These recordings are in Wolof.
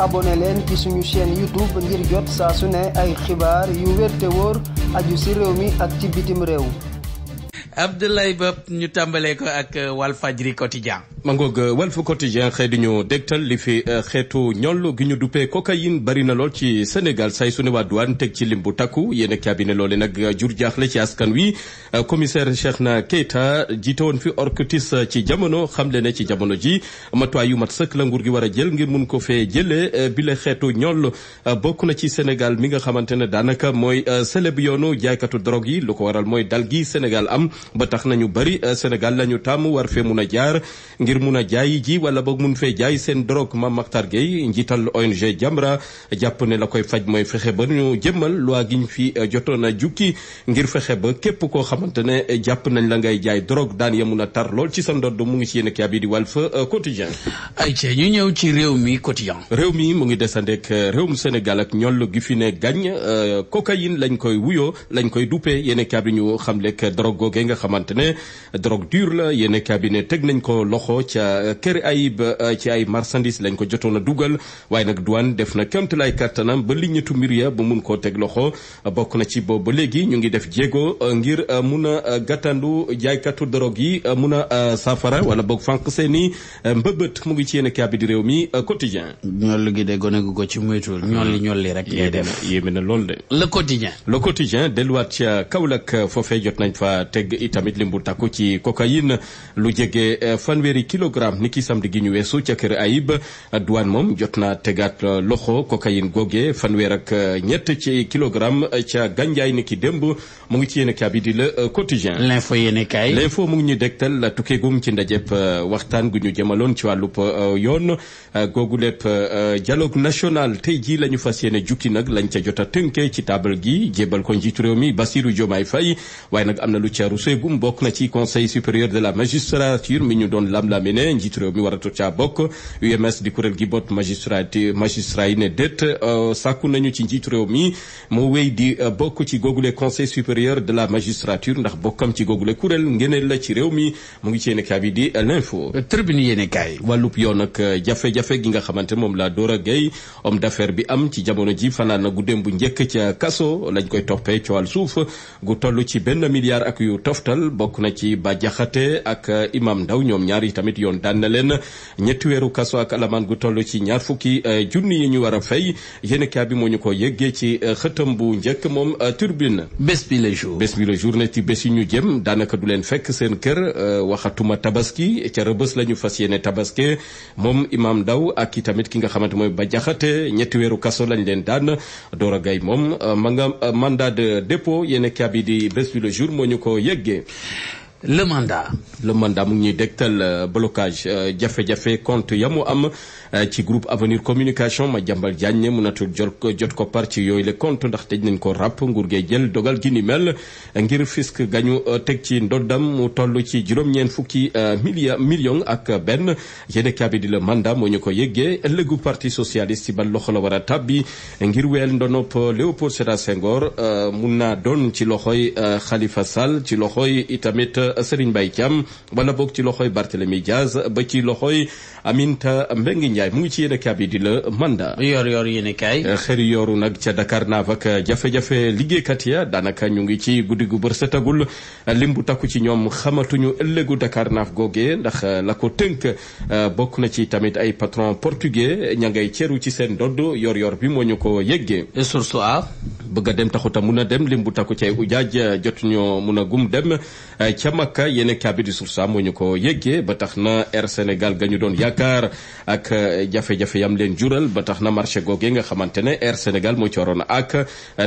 abone leen ci suñu chaîne YouTube ngir jot saa su ne ay xibaar yu wér te wóor aju ci réew mi ak ci bitim réew. Abdoulaye Bop ñu tàmbalee ko ak Walfadjri Quotidien. ma ngoog euh, Walf Quotidien xëy di ñu li fi euh, xeetu ñoll gi ñu duppee cocaïne bari na lool ci Sénégal say su ne waa douane teg ci lim bu takku yéen ak cabinet loole nag euh, jur jaaxle ci askan wi commissaire Cheikhna Keita jiite woon fi orkutis ci jamono xam ne ci jamono ji matuwaay yu mat sëkk la nguur gi war a jël ngir mun ko fee jëlee bile xeetu ñoll bokk na ci Sénégal mi nga xamante ne daanaka mooy sële yoonu jaaykatu drogue yi lu ko waral mooy dal gi Sénégal am ba tax nañu bari Sénégal lañu tàmm war fee mun a jaar ngir mun a jaay ji wala boog mun fee jaay seen drogue Mame Mactar Gueye njiital ONG Jamra jàpp ne la koy faj mooy fexe ba nu jëmmal loi gi ñu fi eh, jotoon na jukki ngir fexe ba képp koo xamante ne eh, jàpp nañ la ngay jaay drogue daan ya mun a tar lool ci sa ndodd mu ngi ci yéen kii di Walf eh, Quotidien. ay ci ñu ñëw ci réew mi quotidien. réew mi mu ngi desandek réewum Sénégal ak ñoll gi fi ne gañ cocaïne lañ koy wuyoo lañ koy dupe yenn kii bi ñu xamlek drogue googee nga xamante ne drogue dure la yéen kii bi ne teg nañ ko gannaaw ca euh, kër ayib euh, ci ay marchandise lañ ko jotoon a dugal waaye nag douane def na kéemtalaay kattanam ba liñatu mbir ya ba mun koo teg loxo bokk na ci boobu ba léegi ñu ngi def jéego euh, ngir mun a gàttandu jaaykatu dorog yi mun a safara wala boog fànq seeni mbëbët mu ngi ci yéen kaabi réew mi quotidien ñool gi de gone gu ko ci muytul hmm. ñool li ñool li rek ngay def yéeme na loolu de le quotidien le quotidien delluwaat ca Kaolack foofee jot nañ fa teg itamit lim takku ci cocaïne lu jege fanweeri kilogramme niki samedi gi ñu weesu ca kër Ayib douane moom jot naa tegaat euh, loxo cocaïne goge fanweer ak euh, ñett ci kilogramme euh, ca gànjaay niki démb mu ngi ci yéen a kaa bi di le quotidien. l'info yéen a kaay l'info mu ngi ñuy dégtal tukkeegum ci ndajeb waxtaan gu ñu jëmaloon ci wàllu wàllub yoon googu lépp dialogue national tey jii lañu fas yéene jukki nag lañ ca jota a tënkee ci taabal gi jébal ko njiitu réew mi Bassirou Diomaye Faye waaye nag am na lu ca ruseegum bokk na ci conseil supérieur de la magistrature xamee ne njiit réew mi waratut caa bokk UMS di kuréel gi bot magistrat magistrat yi ne déet euh, sàkku nañu ci njiit réew mi mu wéy di euh, bokk ci googule conseil supérieur de la magistrature ndax bokkam ci googule kuréel ngeneen la ci réew mi mu ngi ci yéene kaay bi di l'info tribune yéene kaay wàllub yoon ak euh, jafe-jafe gi nga xamante moom la a gay homme d'affaires bi am ci jamono ji fanaana na gu démb bu njëkk ca kaso lañ koy toppee coowal suuf gu toll ci benn milliard ak yu toftal bokk na ci ba jaxate ak imam ndaw ñoom ñaar itamit yoon daan na leen ñetti weeru kaso ak alamaan gu toll ci ñaar fukki eh, junni yi ñu war a fay yéen kaa bi moo ñu ko yëggee ci eh, xëtam bu njëkk moom eh, turbine bés bi le jour bés bi jour ne ci bés yi ñu jëm daanaka du leen fekk seen kër waxatuma tabaski ca rëbës la ñu fas yéene tabaske moom imam Ndaw ak i tamit ki nga xamante mooy ba jaxate ñetti weeru kaso lañ leen daan Dora Gaye moom ma nga mandat de dépôt yéen kaa bi di bés bi le jour moo ñu ko yëggee le mandat. le mu ngi ñuy dégtal euh, blocage euh, jafe-jafe compte ya mu am euh, ci groupe avenir communication ma jàmbal Diagne mënatul jot jot ko par ci yooyu le compte ndax tëj nañ ko ràpp nguur gee jël dogal gi ni mel ngir fisc gañu teg ci ndoddam mu toll ci juróom-ñeent fukki million million ak benn yenn kaabi le mandat moo ñu ko yëggee ëllëgu parti socialiste ci ban loxo la war a tàbbi ngir weel ndonop Léopold Sédar Senghor mun naa doon ci loxoy xalifa Sall ci loxoy itamit Serigne Mbaye Thiam wala boog ci loxoy Barthélémy Diaz ba ci loxoy Aminata Mbengue Ndiaye mu ngi ci yéen a yi di la mandat. yor yor yéen a kaay. xëy yoru nag ca Dakar naaf ak jafe-jafe liggéeykat ya daanaka ñu ngi ci guddi gu bër setagul lim takku ci ñoom xamatuñu ëllëgu Dakar naaf googee ndax la ko tënk bokk na ci tamit ay patron portugais ña ngay ceru ci seen dodd yor yor bi moo ñu ko yëggee. source a bëgg a dem taxuta mun dem lim bu takku ci ay ujaaj jotuñu mun Makka yéen kaabi di sursa moo ñu ko yëggee ba tax na Air Sénégal ga ñu doon yaakaar ak eh, jafe-jafe yam leen jural ba tax na marché googee nga xamante ne Air Sénégal moo ci waroon ak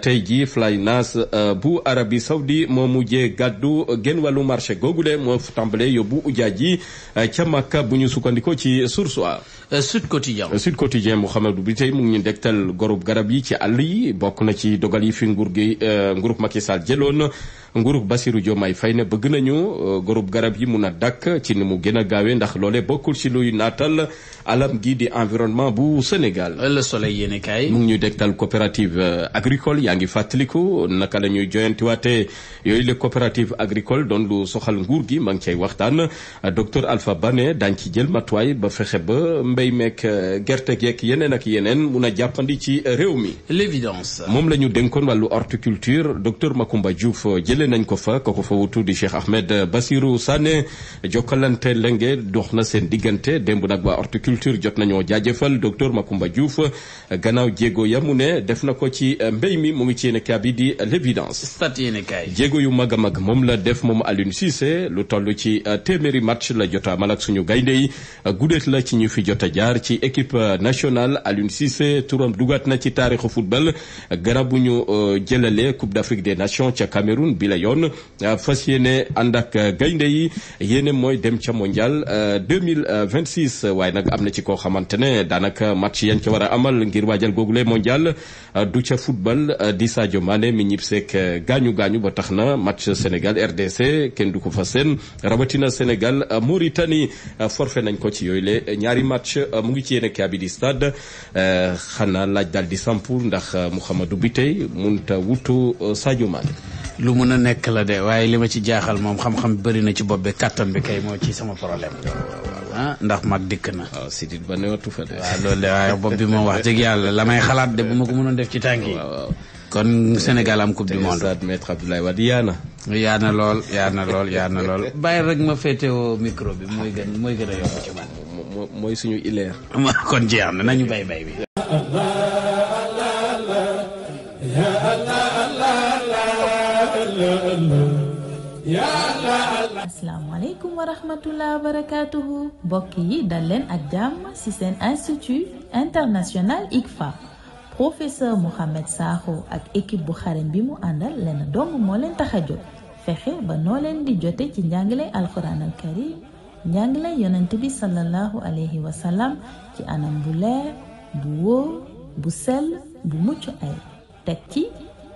tey jii Flynas eh, bu Arabie Saoudi moo mujjee gàddu genn wàllu marché googule moo tàmbalee yóbbu ujaaj yi eh, ca Makka bu ñu sukkandikoo ci source a Sud Quotidien Sud Quotidien Mouhamadou bi tey mu ngi ñu dektal gorub garab yi ci àll yi bokk na ci dogal yi fi ngur gi nguurub Macky Sall jëloon nguurug Bassirou Diomaye fay ne bëgg nañu euh, groupe garab yi mun a dakk ci ni mu gën a gaawee ndax loole bokkul ci luy naatal alam gi di environnement bu Sénégal. Le Soleil yéen kaay mu ngi ñuy euh, agricole yaa ngi fàttaliku naka la ñuy joyantiwaatee yooyu la coopérative agricole doon lu soxal nguur gi ma ngi cay waxtaan docteur Alpha Bane daañ ci jël matuwaay ba fexe ba mbéy meek euh, gerte geek yeneen ak yeneen mun a jàppandi ci réew mi. L'évidence moom la ñu dénkoon wàllu horticulture docteur Macoumba Diouf jël jële nañ ko fa ko ko fa wutu di Cheikh Ahmed Basirou Sané jokkalante lenge dox na seen diggante demb nag waa horticulture jot nañoo jaajëfal docteur Macoumba Diouf gannaaw jéego ya mu ne def na ko ci mbéy mi mu ngi ci yéene kaa bi di l'évidence jéego yu mag a mag moom la def moom Aliou Cissé lu toll ci euh, téeméeri match la jota a ak suñu gaynde yi euh, guddeet la ci ñu fi jot jaar ci équipe euh, nationale Aliou Cissé turam dugaat na ci taarixu football gannaaw bu ñu jëlalee Coupe d'Afrique des Nations ca bi la yoon euh, fas yéene ànd ak euh, gaynde yi yéene mooy dem ca mondial 2026 euh, waaye nag am na ci koo xamante ne daanaka match yañ ca war a amal ngir waajal googule mondial du ca football di Sadio Mané mi ñib seek gaañu gaañu ba tax na match Sénégal RDC kenn du ko fa seen rawatina Sénégal Mauritanie forfait nañ ko ci yooyu le ñaari match mu ngi ci yéene kaa bi di stade xanaa laaj daal di samp ndax Mouhamadou Biteye munta wutu Sadio Mané lu mun a nekk la de waaye li ma ci jaaxal moom xam-xam bëri na ci bopp bi kàttan bi kay moo ci sama problème. ah ndax mag dikk na. waaw ah, sidit ba newatu fa de. waaw loolu de waaye bopp bi moom wax dëgg yàlla la may xalaat de bu ma ko mënoon def ci tànk yi. kon Sénégal am coupe bi monde. te maître Abdoulaye Wade yaa na. lool yaa na lool yaa na lool. bàyyi rek ma féetewoo micro bi mooy gën mooy gën a yomb ci man. mooy suñu ileer. kon jeex na nañu bay bay bi. asalaamaaleykum wa rahmatullah wa barakatuhu mbokk yi dal leen ak jàmm ci seen institut international ICFA professeur Mouhamed Sakho ak ékip bu xarañ bi mu àndal leen dong moo leen tax a jóg fexe ba noo leen di jote ci njàngale alquran al karim njàngale yonent bi sallallahu alayhi wa sallam ci anam bu leer bu wóor bu sell bu mucc ay teg ci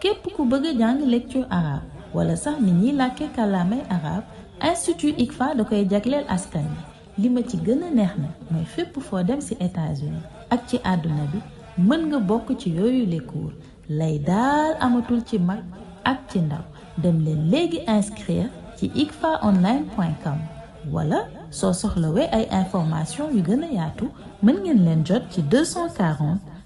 képp ku bëgga a jàng lecture arabe wala sax nit ñiy làkke kàllaamay arab institut ICFA da koy jagleel askan bi li ma ci gën a neex na mooy fépp foo dem ci états ak ci àdduna bi mën nga bokk ci yooyu les lay daal amatul ci mag ak ci ndaw dem leen léegi inscrire ci icfaonline.com wala soo soxla soxlawee ay information yu gën a yaatu mën ngeen leen jot ci 240